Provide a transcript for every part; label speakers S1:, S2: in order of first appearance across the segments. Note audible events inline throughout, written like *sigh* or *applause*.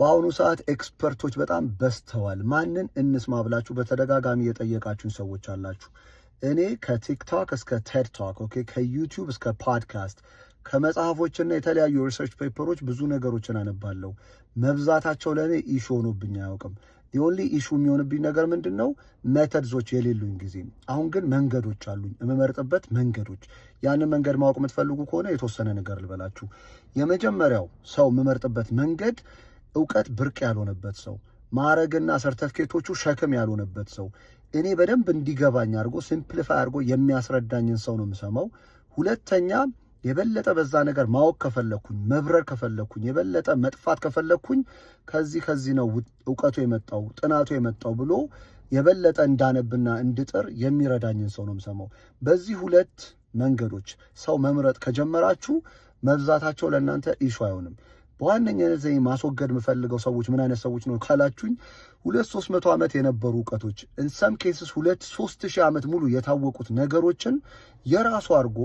S1: በአሁኑ ሰዓት ኤክስፐርቶች በጣም በዝተዋል። ማንን እንስማ ብላችሁ በተደጋጋሚ የጠየቃችሁን ሰዎች አላችሁ። እኔ ከቲክቶክ እስከ ቴድቶክ ኦኬ፣ ከዩቲዩብ እስከ ፖድካስት፣ ከመጽሐፎችና የተለያዩ ሪሰርች ፔፐሮች ብዙ ነገሮችን አነባለሁ። መብዛታቸው ለእኔ ኢሹ ሆኖብኝ አያውቅም። ኦንሊ ኢሹ የሚሆንብኝ ነገር ምንድን ነው? ሜተድዞች የሌሉኝ ጊዜ። አሁን ግን መንገዶች አሉኝ፣ የምመርጥበት መንገዶች። ያንን መንገድ ማወቅ የምትፈልጉ ከሆነ የተወሰነ ነገር ልበላችሁ። የመጀመሪያው ሰው የምመርጥበት መንገድ እውቀት ብርቅ ያልሆነበት ሰው፣ ማዕረግና ሰርተፍኬቶቹ ሸክም ያልሆነበት ሰው፣ እኔ በደንብ እንዲገባኝ አድርጎ ሲምፕሊፋይ አድርጎ የሚያስረዳኝን ሰው ነው የምሰማው። ሁለተኛ የበለጠ በዛ ነገር ማወቅ ከፈለግኩኝ መብረር ከፈለግኩኝ የበለጠ መጥፋት ከፈለግኩኝ ከዚህ ከዚህ ነው እውቀቱ የመጣው ጥናቱ የመጣው ብሎ የበለጠ እንዳነብና እንድጥር የሚረዳኝን ሰው ነው የምሰማው። በዚህ ሁለት መንገዶች ሰው መምረጥ ከጀመራችሁ መብዛታቸው ለእናንተ ኢሹ አይሆንም። በዋነኛነት ዘ ማስወገድ የምፈልገው ሰዎች ምን አይነት ሰዎች ነው ካላችሁኝ፣ ሁለት ሶስት መቶ ዓመት የነበሩ እውቀቶች እንሰም ኬስስ ሁለት ሶስት ሺህ ዓመት ሙሉ የታወቁት ነገሮችን የራሱ አድርጎ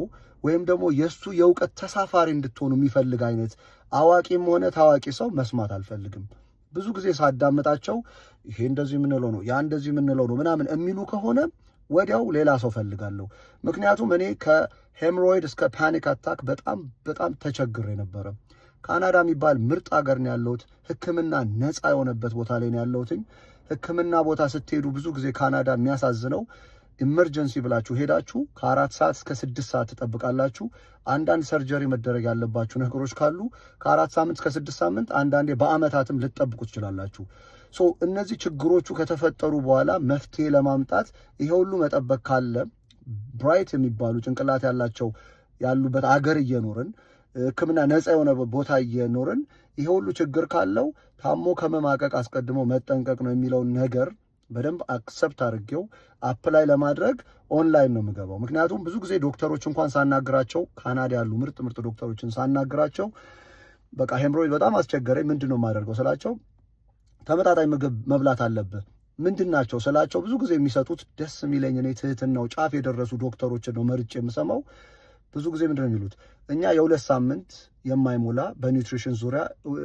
S1: ወይም ደግሞ የእሱ የእውቀት ተሳፋሪ እንድትሆኑ የሚፈልግ አይነት አዋቂም ሆነ ታዋቂ ሰው መስማት አልፈልግም። ብዙ ጊዜ ሳዳምጣቸው ይሄ እንደዚህ የምንለው ነው፣ ያ እንደዚህ የምንለው ነው ምናምን የሚሉ ከሆነ ወዲያው ሌላ ሰው ፈልጋለሁ። ምክንያቱም እኔ ከሄምሮይድ እስከ ፓኒክ አታክ በጣም በጣም ተቸግር ነበረ። ካናዳ የሚባል ምርጥ ሀገር ነው ያለሁት። ህክምና ነፃ የሆነበት ቦታ ላይ ነው ያለሁትኝ። ህክምና ቦታ ስትሄዱ ብዙ ጊዜ ካናዳ የሚያሳዝነው ኢመርጀንሲ ብላችሁ ሄዳችሁ ከአራት ሰዓት እስከ ስድስት ሰዓት ትጠብቃላችሁ። አንዳንድ ሰርጀሪ መደረግ ያለባችሁ ነገሮች ካሉ ከአራት ሳምንት እስከ ስድስት ሳምንት አንዳንዴ በአመታትም ልትጠብቁ ትችላላችሁ። ሶ እነዚህ ችግሮቹ ከተፈጠሩ በኋላ መፍትሄ ለማምጣት ይሄ ሁሉ መጠበቅ ካለ ብራይት የሚባሉ ጭንቅላት ያላቸው ያሉበት አገር እየኖርን ሕክምና ነፃ የሆነ ቦታ እየኖርን ይሄ ሁሉ ችግር ካለው ታሞ ከመማቀቅ አስቀድሞ መጠንቀቅ ነው የሚለውን ነገር በደንብ አክሰፕት አድርጌው አፕላይ ለማድረግ ኦንላይን ነው የምገባው። ምክንያቱም ብዙ ጊዜ ዶክተሮች እንኳን ሳናግራቸው ካናዳ ያሉ ምርጥ ምርጥ ዶክተሮችን ሳናግራቸው በቃ ሄምሮይድ በጣም አስቸገረኝ፣ ምንድን ነው የማደርገው ስላቸው ተመጣጣኝ ምግብ መብላት አለብህ ምንድን ናቸው ስላቸው ብዙ ጊዜ የሚሰጡት ደስ የሚለኝ እኔ ትህትናው ጫፍ የደረሱ ዶክተሮችን ነው መርጬ የምሰማው። ብዙ ጊዜ ምንድን ነው የሚሉት እኛ የሁለት ሳምንት የማይሞላ በኒውትሪሽን ዙሪያ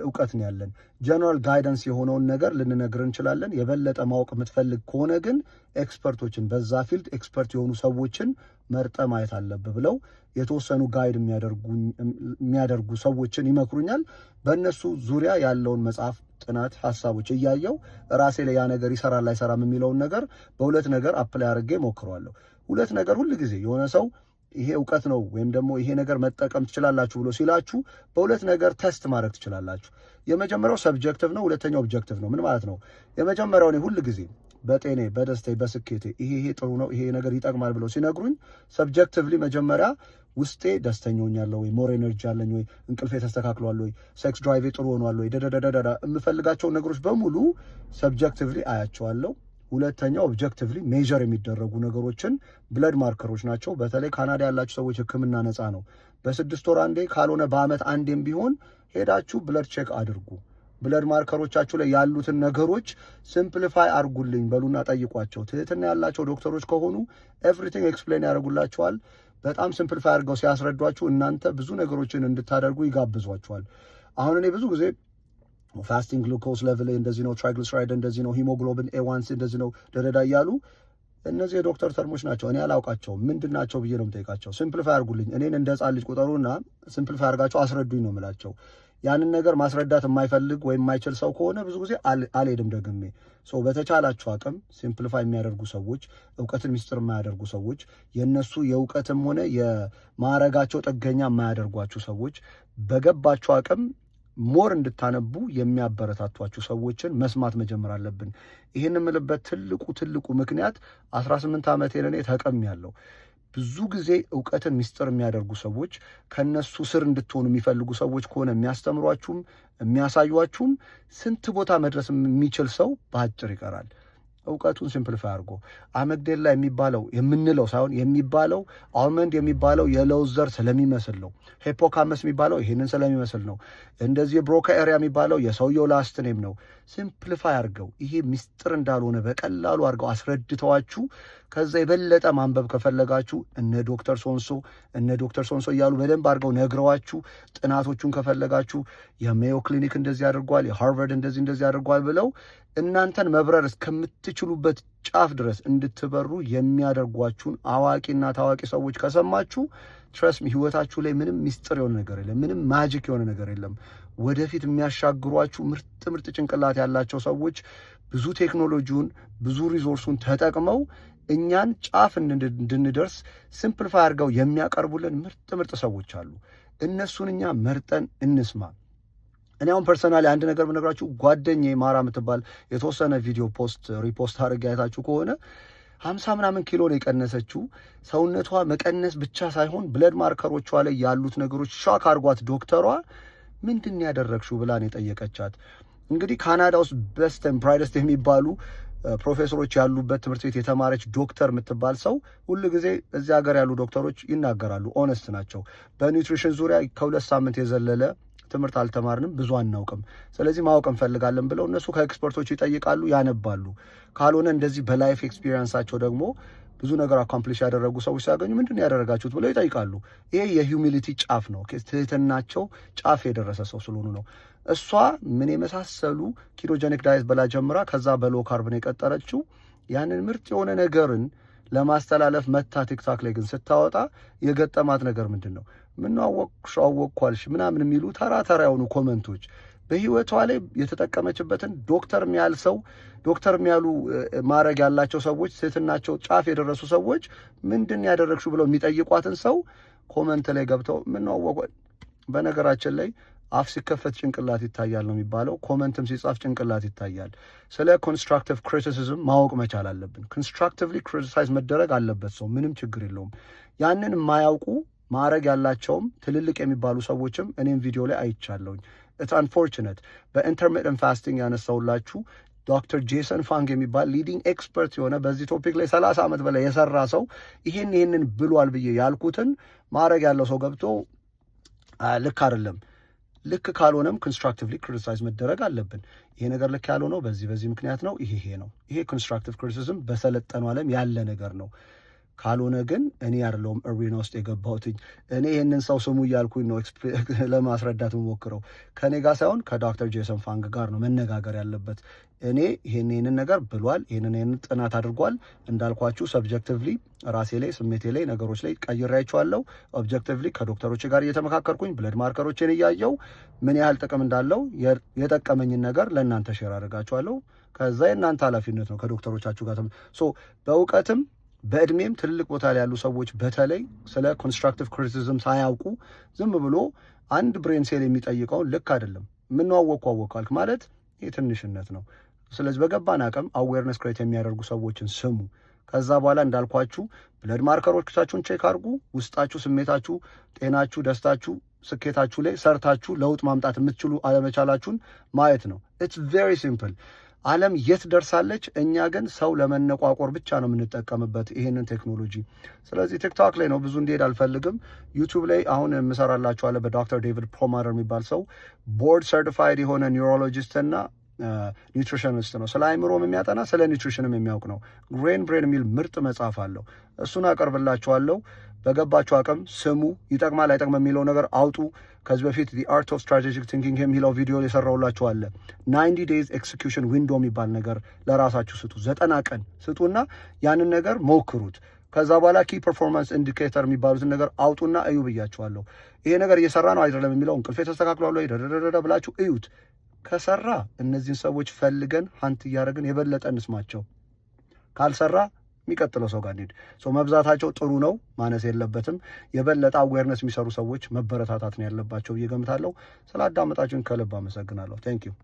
S1: እውቀት ነው ያለን። ጀነራል ጋይደንስ የሆነውን ነገር ልንነግር እንችላለን። የበለጠ ማወቅ የምትፈልግ ከሆነ ግን ኤክስፐርቶችን፣ በዛ ፊልድ ኤክስፐርት የሆኑ ሰዎችን መርጠ ማየት አለብ ብለው የተወሰኑ ጋይድ የሚያደርጉ ሰዎችን ይመክሩኛል። በእነሱ ዙሪያ ያለውን መጽሐፍ ጥናት፣ ሀሳቦች እያየው ራሴ ላይ ያ ነገር ይሰራል አይሰራም የሚለውን ነገር በሁለት ነገር አፕላይ አድርጌ ሞክረዋለሁ። ሁለት ነገር ጊዜ የሆነ ሰው ይሄ እውቀት ነው ወይም ደግሞ ይሄ ነገር መጠቀም ትችላላችሁ ብሎ ሲላችሁ በሁለት ነገር ቴስት ማድረግ ትችላላችሁ። የመጀመሪያው ሰብጀክቲቭ ነው፣ ሁለተኛው ኦብጀክቲቭ ነው። ምን ማለት ነው? የመጀመሪያው እኔ ሁል ጊዜ በጤኔ በደስታዬ፣ በስኬቴ ይሄ ይሄ ጥሩ ነው ይሄ ነገር ይጠቅማል ብለው ሲነግሩኝ ሰብጀክቲቭሊ መጀመሪያ ውስጤ ደስተኛ ሆኛለሁ ወይ፣ ሞር ኤነርጂ አለኝ ወይ፣ እንቅልፌ ተስተካክሏል ወይ፣ ሴክስ ድራይቬ ጥሩ ሆኗል ወይ፣ ደደደደደ የምፈልጋቸውን ነገሮች በሙሉ ሰብጀክቲቭሊ አያቸዋለሁ። ሁለተኛው ኦብጀክቲቭሊ ሜዥር የሚደረጉ ነገሮችን ብለድ ማርከሮች ናቸው። በተለይ ካናዳ ያላችሁ ሰዎች ህክምና ነፃ ነው። በስድስት ወር አንዴ ካልሆነ በአመት አንዴም ቢሆን ሄዳችሁ ብለድ ቼክ አድርጉ። ብለድ ማርከሮቻችሁ ላይ ያሉትን ነገሮች ሲምፕሊፋይ አርጉልኝ በሉና ጠይቋቸው። ትህትና ያላቸው ዶክተሮች ከሆኑ ኤቭሪቲንግ ኤክስፕሌን ያደርጉላቸዋል። በጣም ሲምፕሊፋይ አድርገው ሲያስረዷችሁ እናንተ ብዙ ነገሮችን እንድታደርጉ ይጋብዟቸዋል። አሁን እኔ ብዙ ጊዜ ፋስቲንግ ግሉኮስ ለቭል እንደዚህ ነው፣ ትራይግሊሰራይድ እንደዚህ ነው፣ ሂሞግሎብን ኤዋንስ እንደዚህ ነው፣ ደረዳ እያሉ እነዚህ የዶክተር ተርሞች ናቸው። እኔ አላውቃቸው ምንድን ናቸው ብዬ ነው የምጠይቃቸው። ሲምፕሊፋይ አርጉልኝ። እኔን እንደ ህፃን ልጅ ቁጠሩና ሲምፕሊፋይ አርጋቸው አስረዱኝ ነው የምላቸው። ያንን ነገር ማስረዳት የማይፈልግ ወይም የማይችል ሰው ከሆነ ብዙ ጊዜ አልሄድም ደግሜ። ሶ በተቻላቸው አቅም ሲምፕሊፋይ የሚያደርጉ ሰዎች፣ እውቀትን ሚስጥር የማያደርጉ ሰዎች፣ የእነሱ የእውቀትም ሆነ የማዕረጋቸው ጥገኛ የማያደርጓችሁ ሰዎች በገባቸው አቅም ሞር እንድታነቡ የሚያበረታቷችሁ ሰዎችን መስማት መጀመር አለብን። ይህን የምልበት ትልቁ ትልቁ ምክንያት 18 ዓመቴን እኔ ተቀም ያለው ብዙ ጊዜ እውቀትን ሚስጥር የሚያደርጉ ሰዎች ከእነሱ ስር እንድትሆኑ የሚፈልጉ ሰዎች ከሆነ የሚያስተምሯችሁም የሚያሳዩችሁም ስንት ቦታ መድረስ የሚችል ሰው በአጭር ይቀራል። እውቀቱን ሲምፕልፋይ አድርጎ አመግደላ የሚባለው የምንለው ሳይሆን የሚባለው አልመንድ የሚባለው የለውዝ ዘር ስለሚመስል ነው። ሄፖካመስ የሚባለው ይህንን ስለሚመስል ነው። እንደዚህ ብሮካ ኤሪያ የሚባለው የሰውየው ላስት ኔም ነው። ሲምፕሊፋይ አድርገው ይሄ ሚስጥር እንዳልሆነ በቀላሉ አድርገው አስረድተዋችሁ ከዛ የበለጠ ማንበብ ከፈለጋችሁ እነ ዶክተር ሶንሶ እነ ዶክተር ሶንሶ እያሉ በደንብ አድርገው ነግረዋችሁ ጥናቶቹን ከፈለጋችሁ የሜዮ ክሊኒክ እንደዚህ አድርጓል፣ የሃርቨርድ እንደዚህ እንደዚህ አድርጓል ብለው እናንተን መብረር እስከምትችሉበት ጫፍ ድረስ እንድትበሩ የሚያደርጓችሁን አዋቂና ታዋቂ ሰዎች ከሰማችሁ ትረስሚ ህይወታችሁ ላይ ምንም ሚስጥር የሆነ ነገር የለም። ምንም ማጂክ የሆነ ነገር የለም። ወደፊት የሚያሻግሯችሁ ምርጥ ምርጥ ጭንቅላት ያላቸው ሰዎች ብዙ ቴክኖሎጂውን ብዙ ሪዞርሱን ተጠቅመው እኛን ጫፍ እንድንደርስ ሲምፕልፋይ አድርገው የሚያቀርቡልን ምርጥ ምርጥ ሰዎች አሉ። እነሱን እኛ መርጠን እንስማ። እኔ አሁን ፐርሰናሊ አንድ ነገር ብነግራችሁ ጓደኛዬ ማራ የምትባል የተወሰነ ቪዲዮ ፖስት ሪፖስት አድርግ አይታችሁ ከሆነ ሀምሳ ምናምን ኪሎ ነው የቀነሰችው። ሰውነቷ መቀነስ ብቻ ሳይሆን ብለድ ማርከሮቿ ላይ ያሉት ነገሮች ሻክ አድርጓት ዶክተሯ ምንድን ያደረግሽው ብላን የጠየቀቻት እንግዲህ ካናዳ ውስጥ በስተን ብራይደስት የሚባሉ ፕሮፌሰሮች ያሉበት ትምህርት ቤት የተማረች ዶክተር የምትባል ሰው ሁሉ ጊዜ እዚህ ሀገር ያሉ ዶክተሮች ይናገራሉ። ኦነስት ናቸው። በኒውትሪሽን ዙሪያ ከሁለት ሳምንት የዘለለ ትምህርት አልተማርንም፣ ብዙ አናውቅም፣ ስለዚህ ማወቅ እንፈልጋለን ብለው እነሱ ከኤክስፐርቶች ይጠይቃሉ፣ ያነባሉ። ካልሆነ እንደዚህ በላይፍ ኤክስፒሪየንሳቸው ደግሞ ብዙ ነገር አካምፕሊሽ ያደረጉ ሰዎች ሲያገኙ ምንድን ነው ያደረጋችሁት ብለው ይጠይቃሉ። ይሄ የሂውሚሊቲ ጫፍ ነው። ትህትናቸው ጫፍ የደረሰ ሰው ስለሆኑ ነው። እሷ ምን የመሳሰሉ ኪሮጀኒክ ዳይት በላ ጀምራ ከዛ በሎ ካርብን የቀጠረችው ያንን ምርጥ የሆነ ነገርን ለማስተላለፍ መታ ቲክታክ ላይ ግን ስታወጣ የገጠማት ነገር ምንድን ነው? ምናወቅሽ አወቅኳልሽ ምናምን የሚሉ ተራ ተራ የሆኑ ኮመንቶች በህይወቷ ላይ የተጠቀመችበትን ዶክተር የሚያል ሰው ዶክተር የሚያሉ ማድረግ ያላቸው ሰዎች ሴትናቸው ጫፍ የደረሱ ሰዎች ምንድን ያደረግሹ ብለው የሚጠይቋትን ሰው ኮመንት ላይ ገብተው ምንዋወቁ። በነገራችን ላይ አፍ ሲከፈት ጭንቅላት ይታያል ነው የሚባለው። ኮመንትም ሲጻፍ ጭንቅላት ይታያል። ስለ ኮንስትራክቲቭ ክሪቲሲዝም ማወቅ መቻል አለብን። ኮንስትራክቲቭሊ ክሪቲሳይዝ መደረግ አለበት ሰው፣ ምንም ችግር የለውም። ያንን የማያውቁ ማድረግ ያላቸውም ትልልቅ የሚባሉ ሰዎችም እኔም ቪዲዮ ላይ አይቻለሁኝ። ኢትስ አንፎርቹኔት በኢንተርሚተንት ፋስቲንግ ያነሳውላችሁ ዶክተር ጄሰን ፋንግ የሚባል ሊዲንግ ኤክስፐርት የሆነ በዚህ ቶፒክ ላይ ሰላሳ ዓመት በላይ የሰራ ሰው ይህን ይህንን ብሏል ብዬ ያልኩትን ማድረግ ያለው ሰው ገብቶ ልክ አይደለም ልክ ካልሆነም ኮንስትራክቲቭሊ ክሪቲሳይዝ መደረግ አለብን። ይሄ ነገር ልክ ያልሆነው በዚህ በዚህ ምክንያት ነው፣ ይሄ ይሄ ነው። ይሄ ኮንስትራክቲቭ ክሪቲሲዝም በሰለጠነው ዓለም ያለ ነገር ነው። ካልሆነ ግን እኔ ያለውም እሪና ውስጥ የገባሁትኝ እኔ ይህንን ሰው ስሙ እያልኩኝ ነው *laughs* ለማስረዳት የምሞክረው ከኔ ጋር ሳይሆን ከዶክተር ጄሰን ፋንግ ጋር ነው መነጋገር ያለበት። እኔ ይህን ይህንን ነገር ብሏል፣ ይህንን ይህንን ጥናት አድርጓል። እንዳልኳችሁ ሰብጀክቲቭሊ ራሴ ላይ ስሜቴ ላይ ነገሮች ላይ ቀይሬያቸዋለሁ። ኦብጀክቲቭሊ ከዶክተሮች ጋር እየተመካከርኩኝ ብለድ ማርከሮችን እያየው ምን ያህል ጥቅም እንዳለው የጠቀመኝን ነገር ለእናንተ ሼር አድርጋችኋለሁ። ከዛ የእናንተ ኃላፊነት ነው ከዶክተሮቻችሁ ጋር በእውቀትም በእድሜም ትልልቅ ቦታ ላይ ያሉ ሰዎች በተለይ ስለ ኮንስትራክቲቭ ክሪቲሲዝም ሳያውቁ ዝም ብሎ አንድ ብሬን ሴል የሚጠይቀውን ልክ አይደለም ምንዋወቅኩ አወቃልክ ማለት ይህ ትንሽነት ነው። ስለዚህ በገባን አቅም አዌርነስ ክሬት የሚያደርጉ ሰዎችን ስሙ። ከዛ በኋላ እንዳልኳችሁ ብለድ ማርከሮቻችሁን ቼክ አድርጉ። ውስጣችሁ፣ ስሜታችሁ፣ ጤናችሁ፣ ደስታችሁ፣ ስኬታችሁ ላይ ሰርታችሁ ለውጥ ማምጣት የምትችሉ አለመቻላችሁን ማየት ነው። ኢትስ ቬሪ ሲምፕል። ዓለም የት ደርሳለች? እኛ ግን ሰው ለመነቋቆር ብቻ ነው የምንጠቀምበት ይህንን ቴክኖሎጂ። ስለዚህ ቲክቶክ ላይ ነው ብዙ እንዲሄድ አልፈልግም። ዩቱብ ላይ አሁን የምሰራላችኋለሁ በዶክተር ዴቪድ ፖማር የሚባል ሰው ቦርድ ሰርቲፋይድ የሆነ ኒውሮሎጂስትና ኒትሪሽንስት ነው። ስለ አይምሮም የሚያጠና ስለ ኒትሪሽንም የሚያውቅ ነው። ግሬን ብሬን የሚል ምርጥ መጽሐፍ አለው። እሱን አቀርብላችኋለሁ። በገባችሁ አቅም ስሙ። ይጠቅማል አይጠቅም የሚለው ነገር አውጡ። ከዚህ በፊት ዲ አርት ኦፍ ስትራቴጂክ ቲንኪንግ የሚለው ቪዲዮ የሰራውላችሁ አለ። ናይንቲ ዴይዝ ኤክስኪዩሽን ዊንዶ የሚባል ነገር ለራሳችሁ ስጡ። ዘጠና ቀን ስጡና ያንን ነገር ሞክሩት። ከዛ በኋላ ኪ ፐርፎርማንስ ኢንዲኬተር የሚባሉትን ነገር አውጡና እዩ ብያችኋለሁ። ይሄ ነገር እየሰራ ነው አይደለም የሚለው እንቅልፌ ተስተካክሏል ብላችሁ እዩት። ከሰራ እነዚህን ሰዎች ፈልገን ሀንት እያደረግን የበለጠ እንስማቸው። ካልሰራ የሚቀጥለው ሰው ጋር እንሂድ። መብዛታቸው ጥሩ ነው፣ ማነስ የለበትም። የበለጠ አዌርነስ የሚሰሩ ሰዎች መበረታታት ነው ያለባቸው ብዬ ገምታለሁ። ስለ አዳመጣችሁን ከልብ አመሰግናለሁ። ቴንክ ዩ